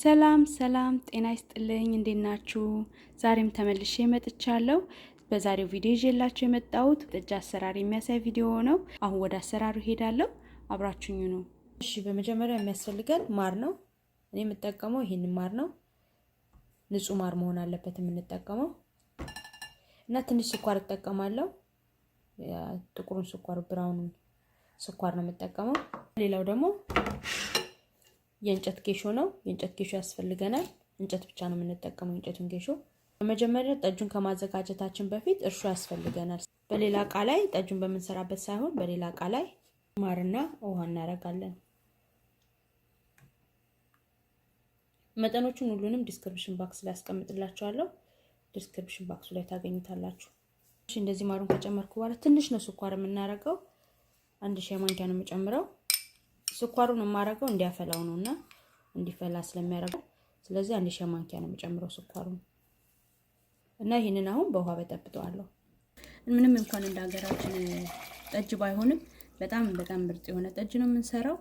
ሰላም ሰላም፣ ጤና ይስጥልኝ። እንዴት ናችሁ? ዛሬም ተመልሼ መጥቻለሁ። በዛሬው ቪዲዮ ይዤላችሁ የመጣሁት ጥጃ አሰራር የሚያሳይ ቪዲዮ ነው። አሁን ወደ አሰራሩ ሄዳለሁ፣ አብራችሁኝ ነው። እሺ፣ በመጀመሪያ የሚያስፈልገን ማር ነው። እኔ የምጠቀመው ይሄንን ማር ነው። ንጹህ ማር መሆን አለበት የምንጠቀመው እና ትንሽ ስኳር እጠቀማለሁ። ጥቁሩን ስኳር፣ ብራውን ስኳር ነው የምጠቀመው። ሌላው ደግሞ የእንጨት ጌሾ ነው። የእንጨት ጌሾ ያስፈልገናል። እንጨት ብቻ ነው የምንጠቀመው፣ የእንጨቱን ጌሾ። በመጀመሪያ ጠጁን ከማዘጋጀታችን በፊት እርሾ ያስፈልገናል። በሌላ እቃ ላይ ጠጁን በምንሰራበት ሳይሆን በሌላ እቃ ላይ ማርና ውሃ እናደርጋለን። መጠኖቹን ሁሉንም ዲስክሪፕሽን ባክስ ላይ አስቀምጥላቸዋለሁ ዲስክሪፕሽን ባክሱ ላይ ታገኙታላችሁ። እንደዚህ ማሩን ከጨመርኩ በኋላ ትንሽ ነው ስኳር የምናደርገው። አንድ ሻይ ማንኪያ ነው የምጨምረው። ስኳሩን የማረገው እንዲያፈላው ነው እና እንዲፈላ ስለሚያደርገው ስለዚህ አንድ ሻይ ማንኪያ ነው የምጨምረው ስኳሩን እና ይህንን አሁን በውሃ በጠብጠዋለሁ። ምንም እንኳን እንደ ሀገራችን ጠጅ ባይሆንም በጣም በጣም ምርጥ የሆነ ጠጅ ነው የምንሰራው።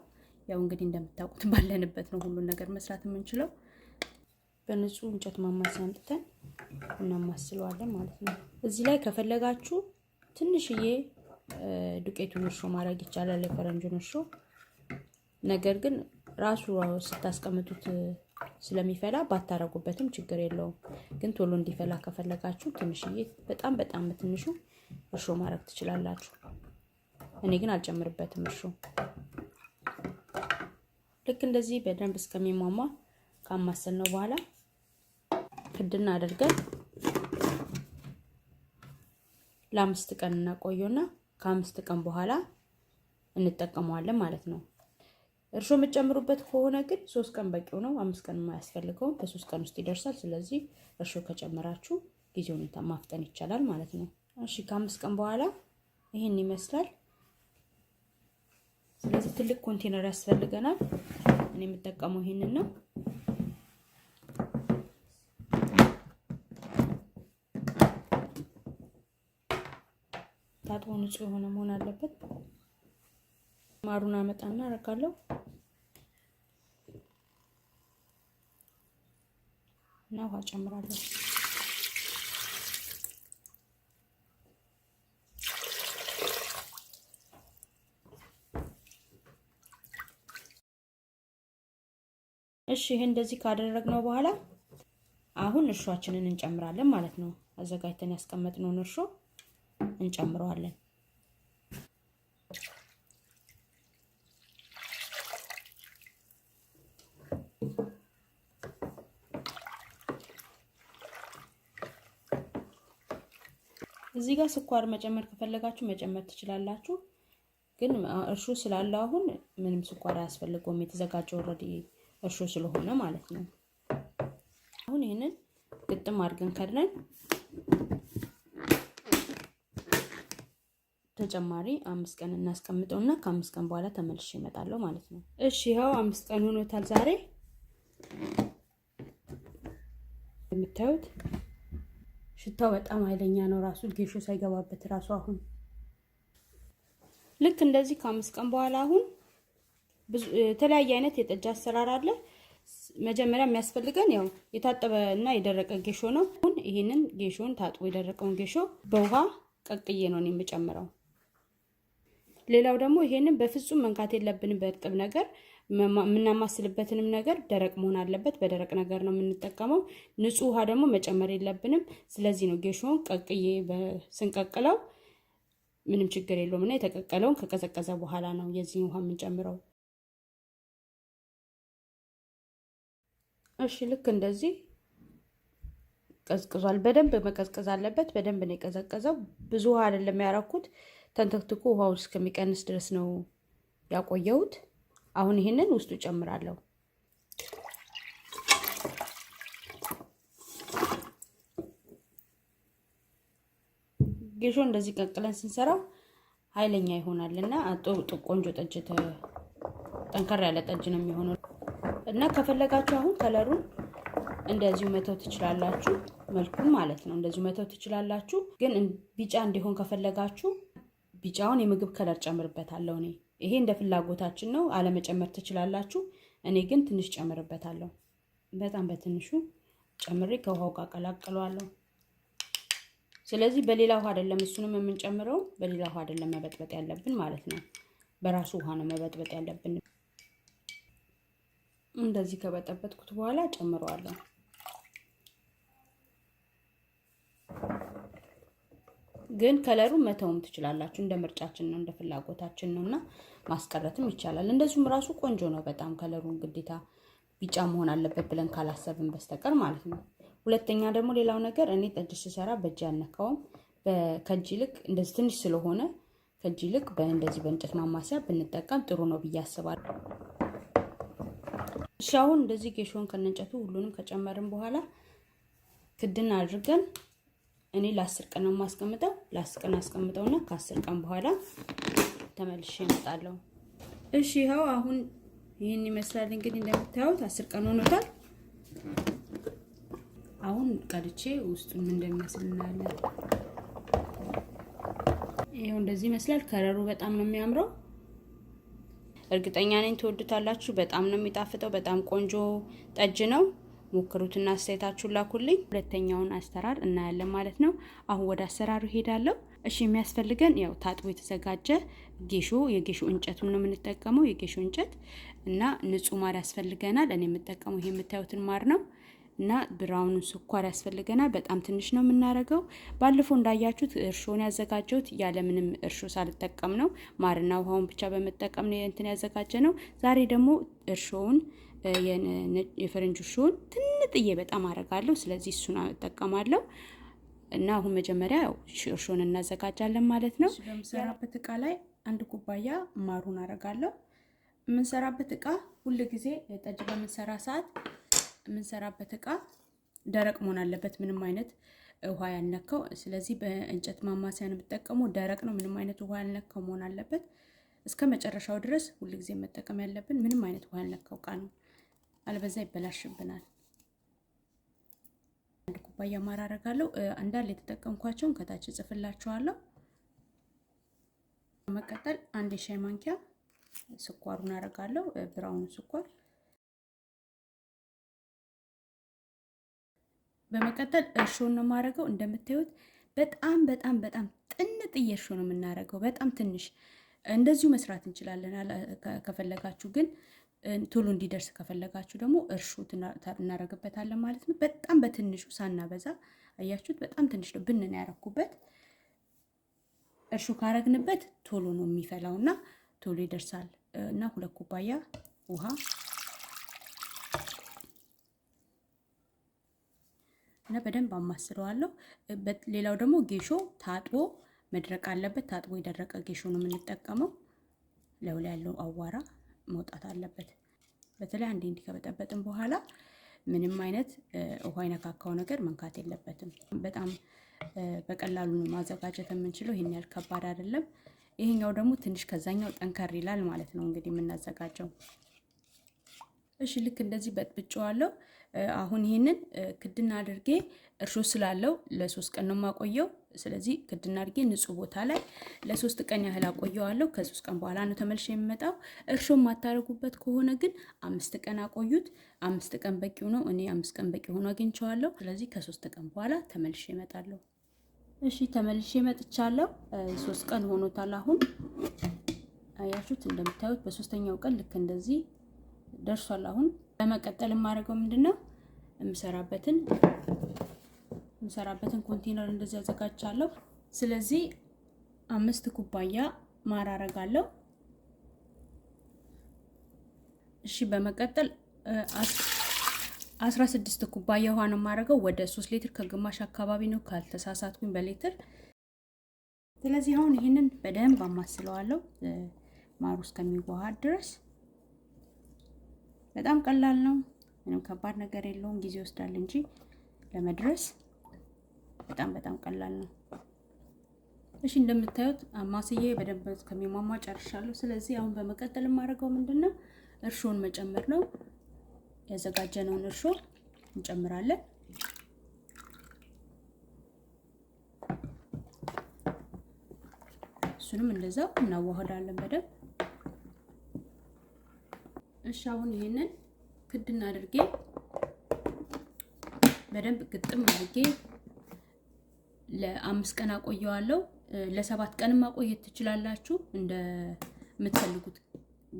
ያው እንግዲህ እንደምታውቁት ባለንበት ነው ሁሉን ነገር መስራት የምንችለው። በንጹህ እንጨት ማማሰያ አምጥተን እናማስለዋለን ማለት ነው። እዚህ ላይ ከፈለጋችሁ ትንሽዬ ዱቄቱን እርሾ ማድረግ ይቻላል፣ የፈረንጁን እርሾ ነገር ግን ራሱ ስታስቀምጡት ስለሚፈላ ባታረጉበትም ችግር የለውም። ግን ቶሎ እንዲፈላ ከፈለጋችሁ ትንሽዬ በጣም በጣም ትንሹ እርሾ ማድረግ ትችላላችሁ። እኔ ግን አልጨምርበትም እርሾ። ልክ እንደዚህ በደንብ እስከሚሟሟ ካማሰል ነው በኋላ ክድና አድርገን ለአምስት ቀን እናቆየውና ከአምስት ቀን በኋላ እንጠቀመዋለን ማለት ነው። እርሾ የምትጨምሩበት ከሆነ ግን ሶስት ቀን በቂው ነው። አምስት ቀን የማያስፈልገውም በሶስት ቀን ውስጥ ይደርሳል። ስለዚህ እርሾ ከጨመራችሁ ጊዜውን ማፍጠን ይቻላል ማለት ነው። እሺ ከአምስት ቀን በኋላ ይህን ይመስላል። ስለዚህ ትልቅ ኮንቴነር ያስፈልገናል። እኔ የምጠቀመው ይህንን ነው። ታጥቦ ንጹህ የሆነ መሆን አለበት። ማሩን አመጣና አረካለሁ። እና ውሃ ጨምራለሁ። እሺ ይሄ እንደዚህ ካደረግነው በኋላ አሁን እርሾአችንን እንጨምራለን ማለት ነው። አዘጋጅተን ያስቀመጥነውን እርሾ እንጨምረዋለን። እዚህ ጋር ስኳር መጨመር ከፈለጋችሁ መጨመር ትችላላችሁ። ግን እርሾ ስላለ አሁን ምንም ስኳር አያስፈልገውም። የተዘጋጀው ረዲ እርሾ ስለሆነ ማለት ነው። አሁን ይህንን ግጥም አድርገን ከድነን ተጨማሪ አምስት ቀን እና ከአምስት ቀን በኋላ ተመልሼ እመጣለሁ ማለት ነው። እሺ ይኸው አምስት ቀን ሆኖታል ዛሬ የምታዩት። ሽታው በጣም ኃይለኛ ነው። ራሱ ጌሾ ሳይገባበት ራሱ አሁን ልክ እንደዚህ ከአምስት ቀን በኋላ አሁን የተለያየ አይነት የጠጅ አሰራር አለ። መጀመሪያ የሚያስፈልገን ያው የታጠበ እና የደረቀ ጌሾ ነው። አሁን ይህንን ጌሾን ታጥቦ የደረቀውን ጌሾ በውሃ ቀቅዬ ነው የምጨምረው። ሌላው ደግሞ ይሄንን በፍጹም መንካት የለብንም በእርጥብ ነገር የምናማስልበትንም ነገር ደረቅ መሆን አለበት። በደረቅ ነገር ነው የምንጠቀመው። ንጹህ ውሃ ደግሞ መጨመር የለብንም። ስለዚህ ነው ጌሾውን ቀቅዬ ስንቀቅለው ምንም ችግር የለውም እና የተቀቀለውን ከቀዘቀዘ በኋላ ነው የዚህን ውሃ የምንጨምረው። እሺ ልክ እንደዚህ ቀዝቅዟል። በደንብ መቀዝቀዝ አለበት። በደንብ ነው የቀዘቀዘው። ብዙ ውሃ አይደለም ያረኩት። ተንተክትኮ ውሃውን እስከሚቀንስ ድረስ ነው ያቆየሁት። አሁን ይሄንን ውስጡ ጨምራለሁ። ጌሾ እንደዚህ ቀቅለን ስንሰራው ኃይለኛ ይሆናል እና ቆንጆ ጠጅ ጠንከር ያለ ጠጅ ነው የሚሆነው እና ከፈለጋችሁ አሁን ከለሩን እንደዚሁ መተው ትችላላችሁ። መልኩን ማለት ነው እንደዚሁ መተው ትችላላችሁ። ግን ቢጫ እንዲሆን ከፈለጋችሁ ቢጫውን የምግብ ከለር ጨምርበታለሁ እኔ ይሄ እንደ ፍላጎታችን ነው። አለመጨመር ትችላላችሁ። እኔ ግን ትንሽ ጨምርበታለሁ። በጣም በትንሹ ጨምሬ ከውሃው ጋር ቀላቅለዋለሁ። ስለዚህ በሌላ ውሃ አይደለም እሱንም የምንጨምረው፣ በሌላ ውሃ አይደለም መበጥበጥ ያለብን ማለት ነው። በራሱ ውሃ ነው መበጥበጥ ያለብን። እንደዚህ ከበጠበጥኩት በኋላ ጨምረዋለሁ። ግን ከለሩ መተውም ትችላላችሁ። እንደ ምርጫችን ነው፣ እንደ ፍላጎታችን ነው እና ማስቀረትም ይቻላል። እንደዚሁም ራሱ ቆንጆ ነው በጣም ከለሩን ግዴታ ቢጫ መሆን አለበት ብለን ካላሰብን በስተቀር ማለት ነው። ሁለተኛ ደግሞ ሌላው ነገር እኔ ጠጅ ስሰራ በእጅ ያነካውም ከእጅ ይልቅ እንደዚህ ትንሽ ስለሆነ ከእጅ ይልቅ እንደዚህ በእንጨት ማማሰያ ብንጠቀም ጥሩ ነው ብዬ አስባለሁ። እሺ አሁን እንደዚህ ጌሾን ከነእንጨቱ ሁሉንም ከጨመርን በኋላ ክድን አድርገን እኔ ለአስር ቀን ነው የማስቀምጠው። ለአስር ቀን አስቀምጠውና ከአስር ቀን በኋላ ተመልሼ እመጣለሁ። እሺ ይኸው አሁን ይህን ይመስላል እንግዲህ እንደምታዩት አስር ቀን ሆኖታል። አሁን ቀልቼ ውስጡን ምን እንደሚመስል እናያለን። ይኸው እንደዚህ ይመስላል። ከረሩ በጣም ነው የሚያምረው። እርግጠኛ ነኝ ትወዱታላችሁ። በጣም ነው የሚጣፍጠው። በጣም ቆንጆ ጠጅ ነው። ሞክሩትና አስተያየታችሁን ላኩልኝ። ሁለተኛውን አሰራር እናያለን ማለት ነው። አሁን ወደ አሰራሩ ሄዳለሁ። እሺ የሚያስፈልገን ያው ታጥቦ የተዘጋጀ ጌሾ፣ የጌሾ እንጨቱን ነው የምንጠቀመው። የጌሾ እንጨት እና ንጹህ ማር ያስፈልገናል። እኔ የምጠቀመው ይሄ የምታዩትን ማር ነው እና ብራውኑን ስኳር ያስፈልገናል። በጣም ትንሽ ነው የምናደርገው። ባለፈው እንዳያችሁት እርሾን ያዘጋጀሁት ያለምንም እርሾ ሳልጠቀም ነው። ማርና ውሃውን ብቻ በመጠቀም ነው እንትን ያዘጋጀ ነው። ዛሬ ደግሞ እርሾውን የፈረንጅ ሹን ትንጥዬ በጣም አረጋለሁ። ስለዚህ እሱን እጠቀማለሁ እና አሁን መጀመሪያ እርሾን እናዘጋጃለን ማለት ነው። በምሰራበት እቃ ላይ አንድ ኩባያ ማሩን አረጋለሁ። የምንሰራበት እቃ ሁል ጊዜ ጠጅ በምንሰራ ሰዓት የምንሰራበት እቃ ደረቅ መሆን አለበት፣ ምንም አይነት ውሃ ያልነካው። ስለዚህ በእንጨት ማማሰያ ነው የምጠቀመው፣ ደረቅ ነው፣ ምንም አይነት ውሃ ያልነካው መሆን አለበት። እስከ መጨረሻው ድረስ ሁል ጊዜ መጠቀም ያለብን ምንም አይነት ውሃ ያልነካው እቃ ነው። አልበዛ ይበላሽብናል። አንድ ኩባያ ማር አደርጋለሁ። እንዳለ የተጠቀምኳቸውን ከታች እጽፍላችኋለሁ። በመቀጠል አንድ የሻይ ማንኪያ ስኳሩን አረጋለሁ፣ ብራውን ስኳር በመቀጠል እርሾን ነው የማደርገው። እንደምታዩት በጣም በጣም በጣም ጥንጥዬ እርሾ ነው የምናደርገው። በጣም ትንሽ እንደዚሁ መስራት እንችላለን ከፈለጋችሁ ግን ቶሎ እንዲደርስ ከፈለጋችሁ ደግሞ እርሹ እናደርግበታለን ማለት ነው። በጣም በትንሹ ሳናበዛ አያችሁት፣ በጣም ትንሽ ነው ብንን ያረኩበት። እርሹ ካረግንበት ቶሎ ነው የሚፈላው እና ቶሎ ይደርሳል እና ሁለት ኩባያ ውሃ እና በደንብ አማስለዋለሁ። ሌላው ደግሞ ጌሾ ታጥቦ መድረቅ አለበት። ታጥቦ የደረቀ ጌሾ ነው የምንጠቀመው። ለውላ ያለው አዋራ መውጣት አለበት። በተለይ አንዴ እንዲህ ከበጠበጥም በኋላ ምንም አይነት ውሃ የነካካው ነገር መንካት የለበትም። በጣም በቀላሉ ማዘጋጀት የምንችለው ይህን ያህል ከባድ አይደለም። ይሄኛው ደግሞ ትንሽ ከዛኛው ጠንከር ይላል ማለት ነው እንግዲህ የምናዘጋጀው። እሺ ልክ እንደዚህ በጥብጬዋለሁ። አሁን ይሄንን ክድና አድርጌ እርሾ ስላለው ለሶስት ቀን ነው የማቆየው። ስለዚህ ክድና አድርጌ ንጹህ ቦታ ላይ ለሶስት ቀን ያህል አቆየዋለሁ። ከሶስት ቀን በኋላ ነው ተመልሼ የሚመጣው። እርሾ የማታደርጉበት ከሆነ ግን አምስት ቀን አቆዩት። አምስት ቀን በቂው ነው። እኔ አምስት ቀን በቂ ሆኖ አግኝቸዋለሁ። ስለዚህ ከሶስት ቀን በኋላ ተመልሼ እመጣለሁ። እሺ ተመልሼ መጥቻለሁ። ሶስት ቀን ሆኖታል። አሁን አያችሁት፣ እንደምታዩት በሶስተኛው ቀን ልክ እንደዚህ ደርሷል። አሁን ለመቀጠል የማደርገው ምንድን ነው የምሰራበትን የምሰራበትን ኮንቴነር እንደዚህ አዘጋጃለሁ። ስለዚህ አምስት ኩባያ ማር አረጋለሁ። እሺ በመቀጠል አስራ ስድስት ኩባያ ውሃ ነው የማደርገው። ወደ ሶስት ሊትር ከግማሽ አካባቢ ነው ካልተሳሳትኩኝ በሊትር። ስለዚህ አሁን ይህንን በደንብ አማስለዋለሁ ማሩ እስከሚዋሃድ ድረስ። በጣም ቀላል ነው። ምንም ከባድ ነገር የለውም። ጊዜ ይወስዳል እንጂ ለመድረስ በጣም በጣም ቀላል ነው። እሺ እንደምታዩት አማስዬ በደንብ ከሚሟሟ ጨርሻለሁ። ስለዚህ አሁን በመቀጠል የማደርገው ምንድን ነው እርሾን መጨመር ነው። ያዘጋጀነውን እርሾ እንጨምራለን። እሱንም እንደዛው እናዋህዳለን በደንብ እሺ አሁን ይሄንን ክድና አድርጌ በደንብ ግጥም አድርጌ ለአምስት ቀን አቆየዋለሁ። ለሰባት ቀን ማቆየት ትችላላችሁ እንደምትፈልጉት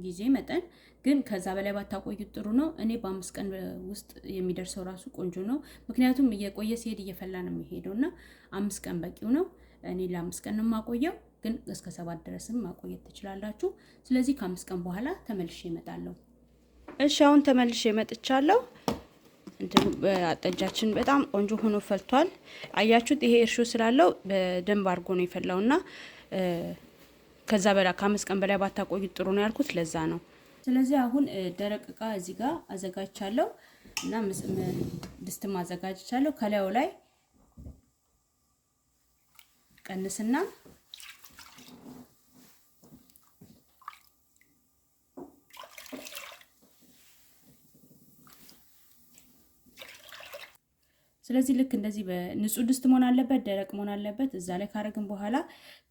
ጊዜ መጠን ግን ከዛ በላይ ባታቆዩት ጥሩ ነው። እኔ በአምስት ቀን ውስጥ የሚደርሰው ራሱ ቆንጆ ነው። ምክንያቱም እየቆየ ሲሄድ እየፈላ ነው የሚሄደው እና አምስት ቀን በቂው ነው። እኔ ለአምስት ቀን ነው የማቆየው፣ ግን እስከ ሰባት ድረስም ማቆየት ትችላላችሁ። ስለዚህ ከአምስት ቀን በኋላ ተመልሼ እመጣለሁ። እሺ አሁን ተመልሼ መጥቻለሁ። አጠጃችን በጣም ቆንጆ ሆኖ ፈልቷል። አያችሁት? ይሄ እርሾ ስላለው በደንብ አድርጎ ነው የፈላውና ከዛ በላ ከአምስት ቀን በላይ ባታቆዩት ጥሩ ነው ያልኩት ለዛ ነው። ስለዚህ አሁን ደረቅ እቃ እዚህ ጋር አዘጋጅቻለሁ እና ድስትም አዘጋጅቻለሁ ከላዩ ላይ ቀንስና ስለዚህ ልክ እንደዚህ በንጹህ ድስት መሆን አለበት፣ ደረቅ መሆን አለበት። እዛ ላይ ካረግን በኋላ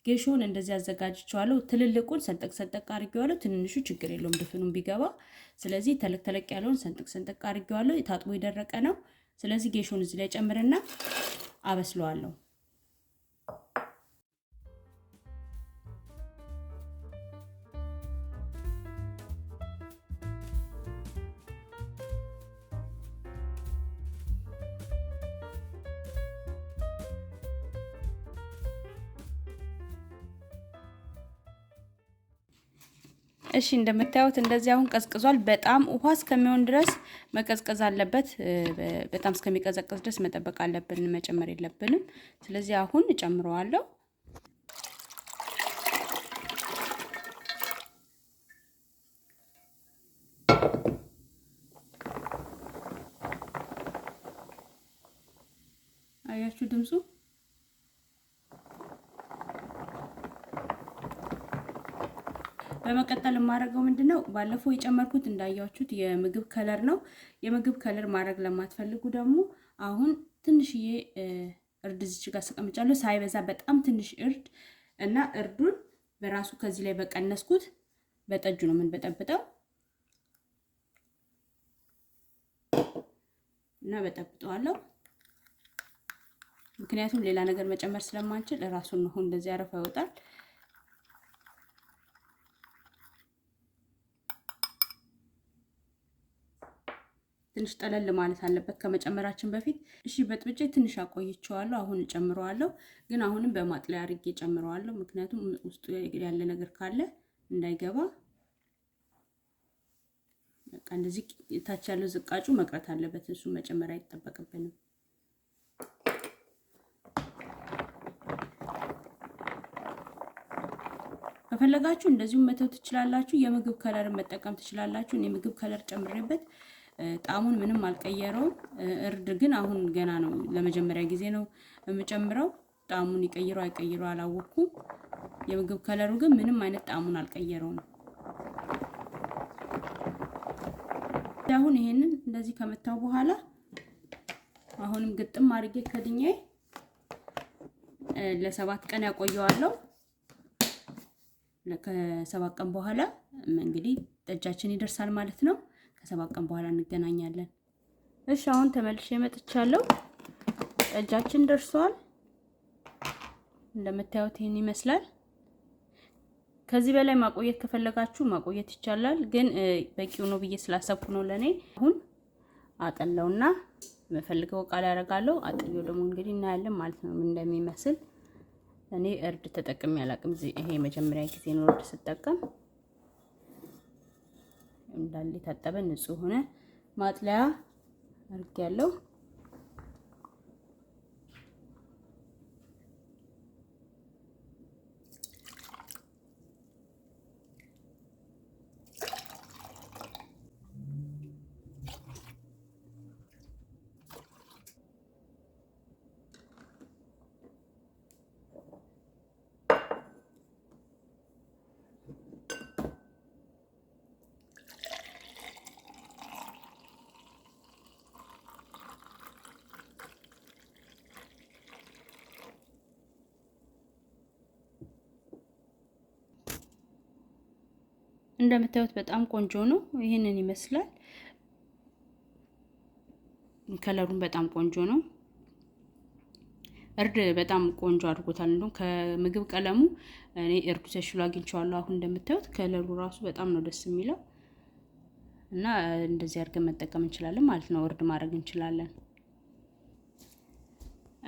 ጌሾን እንደዚህ አዘጋጅቸዋለሁ። ትልልቁን ሰንጠቅ ሰንጠቅ አድርጌዋለሁ። ትንንሹ ችግር የለውም ድፍኑን ቢገባ። ስለዚህ ተለቅ ተለቅ ያለውን ሰንጠቅ ሰንጠቅ አድርጌዋለሁ። ታጥቦ የደረቀ ነው። ስለዚህ ጌሾን እዚህ ላይ ጨምርና አበስለዋለሁ። እሺ እንደምታዩት እንደዚህ አሁን ቀዝቅዟል። በጣም ውሃ እስከሚሆን ድረስ መቀዝቀዝ አለበት። በጣም እስከሚቀዘቀዝ ድረስ መጠበቅ አለብን፣ መጨመር የለብንም። ስለዚህ አሁን እጨምረዋለሁ። አያችሁ ድምፁ በመቀጠል የማደርገው ምንድን ነው ባለፈው የጨመርኩት እንዳያችሁት የምግብ ከለር ነው። የምግብ ከለር ማድረግ ለማትፈልጉ ደግሞ አሁን ትንሽዬ እርድ እዚች ጋር አስቀምጫለሁ። ሳይበዛ በጣም ትንሽ እርድ እና እርዱን በራሱ ከዚህ ላይ በቀነስኩት በጠጁ ነው የምንበጠብጠው እና በጠብጠዋለሁ። ምክንያቱም ሌላ ነገር መጨመር ስለማንችል ራሱን ነው እንደዚህ አረፋ ይወጣል። ትንሽ ጠለል ማለት አለበት ከመጨመራችን በፊት። እሺ በጥብጬ ትንሽ አቆይቸዋለሁ። አሁን እጨምረዋለሁ፣ ግን አሁንም በማጥለያ አድርጌ እጨምረዋለሁ። ምክንያቱም ውስጡ ያለ ነገር ካለ እንዳይገባ። በቃ እንደዚህ ታች ያለው ዝቃጩ መቅረት አለበት። እሱ መጨመር አይጠበቅብንም። ከፈለጋችሁ እንደዚሁም መተው ትችላላችሁ። የምግብ ከለር መጠቀም ትችላላችሁ። እኔ ምግብ ከለር ጨምሬበት ጣሙን ምንም አልቀየረውም። እርድ ግን አሁን ገና ነው፣ ለመጀመሪያ ጊዜ ነው የምጨምረው። ጣሙን ይቀይረው አይቀይረው አላወቅኩም። የምግብ ከለሩ ግን ምንም አይነት ጣሙን አልቀየረውም። አሁን ይሄንን እንደዚህ ከመታው በኋላ አሁንም ግጥም አድርጌ ከድኜ ለሰባት ቀን ያቆየዋለሁ። ከሰባት ቀን በኋላ እንግዲህ ጠጃችን ይደርሳል ማለት ነው። ከሰባት ቀን በኋላ እንገናኛለን። እሺ አሁን ተመልሼ መጥቻለሁ። ጠጃችን ደርሷል። እንደምታዩት ይህን ይመስላል። ከዚህ በላይ ማቆየት ከፈለጋችሁ ማቆየት ይቻላል፣ ግን በቂው ነው ብዬ ስላሰብኩ ነው ለእኔ። አሁን አጠለውና የምፈልገው ቃል ያደርጋለሁ። አጥየው ደግሞ እንግዲህ እናያለን ማለት ነው ምን እንደሚመስል። እኔ እርድ ተጠቅሜ አላቅም። ይሄ መጀመሪያ ጊዜ ነው እርድ ስጠቀም። እንዳለ የታጠበ ንጹህ ሆነ ማጥለያ አድርጌያለሁ። እንደምታዩት በጣም ቆንጆ ነው። ይህንን ይመስላል። ከለሩን በጣም ቆንጆ ነው። እርድ በጣም ቆንጆ አድርጎታል። እንዲሁም ከምግብ ቀለሙ እኔ እርዱ ተሽሎ አግኝቼዋለሁ። አሁን እንደምታዩት ከለሩ ራሱ በጣም ነው ደስ የሚለው እና እንደዚህ አድርገን መጠቀም እንችላለን ማለት ነው። እርድ ማድረግ እንችላለን።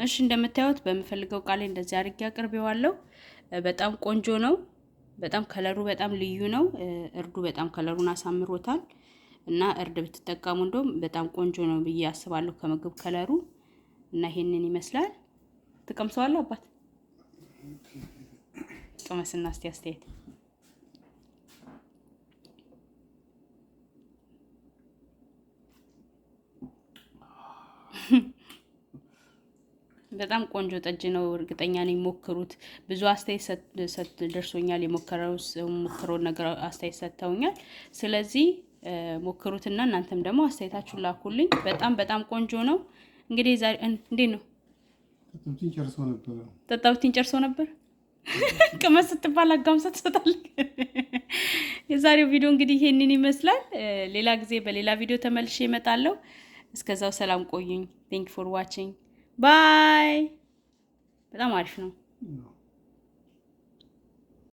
እሺ እንደምታዩት በምፈልገው ቃል እንደዚህ አድርጌ አቅርቤዋለሁ። በጣም ቆንጆ ነው። በጣም ከለሩ በጣም ልዩ ነው። እርዱ በጣም ከለሩን አሳምሮታል እና እርድ ብትጠቀሙ እንደውም በጣም ቆንጆ ነው ብዬ አስባለሁ ከምግብ ከለሩ እና ይሄንን ይመስላል። ትቀምሰዋለሁ አባት ቅመስና እስቲ አስተያየት በጣም ቆንጆ ጠጅ ነው። እርግጠኛ ነኝ ሞክሩት። ብዙ አስተያየት ደርሶኛል። የሞከረው ሞክረው ነገር አስተያየት ሰጥተውኛል። ስለዚህ ሞክሩትና እናንተም ደግሞ አስተያየታችሁን ላኩልኝ። በጣም በጣም ቆንጆ ነው። እንግዲህ ዛሬ እንዴት ነው? ጠጣውቲን ጨርሶ ነበር። ቅመስ ስትባል አጋምሳ ትሰጣል የዛሬው ቪዲዮ እንግዲህ ይሄንን ይመስላል። ሌላ ጊዜ በሌላ ቪዲዮ ተመልሼ እመጣለሁ። እስከዛው ሰላም ቆዩኝ። ቴንክ ፎር ዋቺንግ ባይ። በጣም አሪፍ ነው።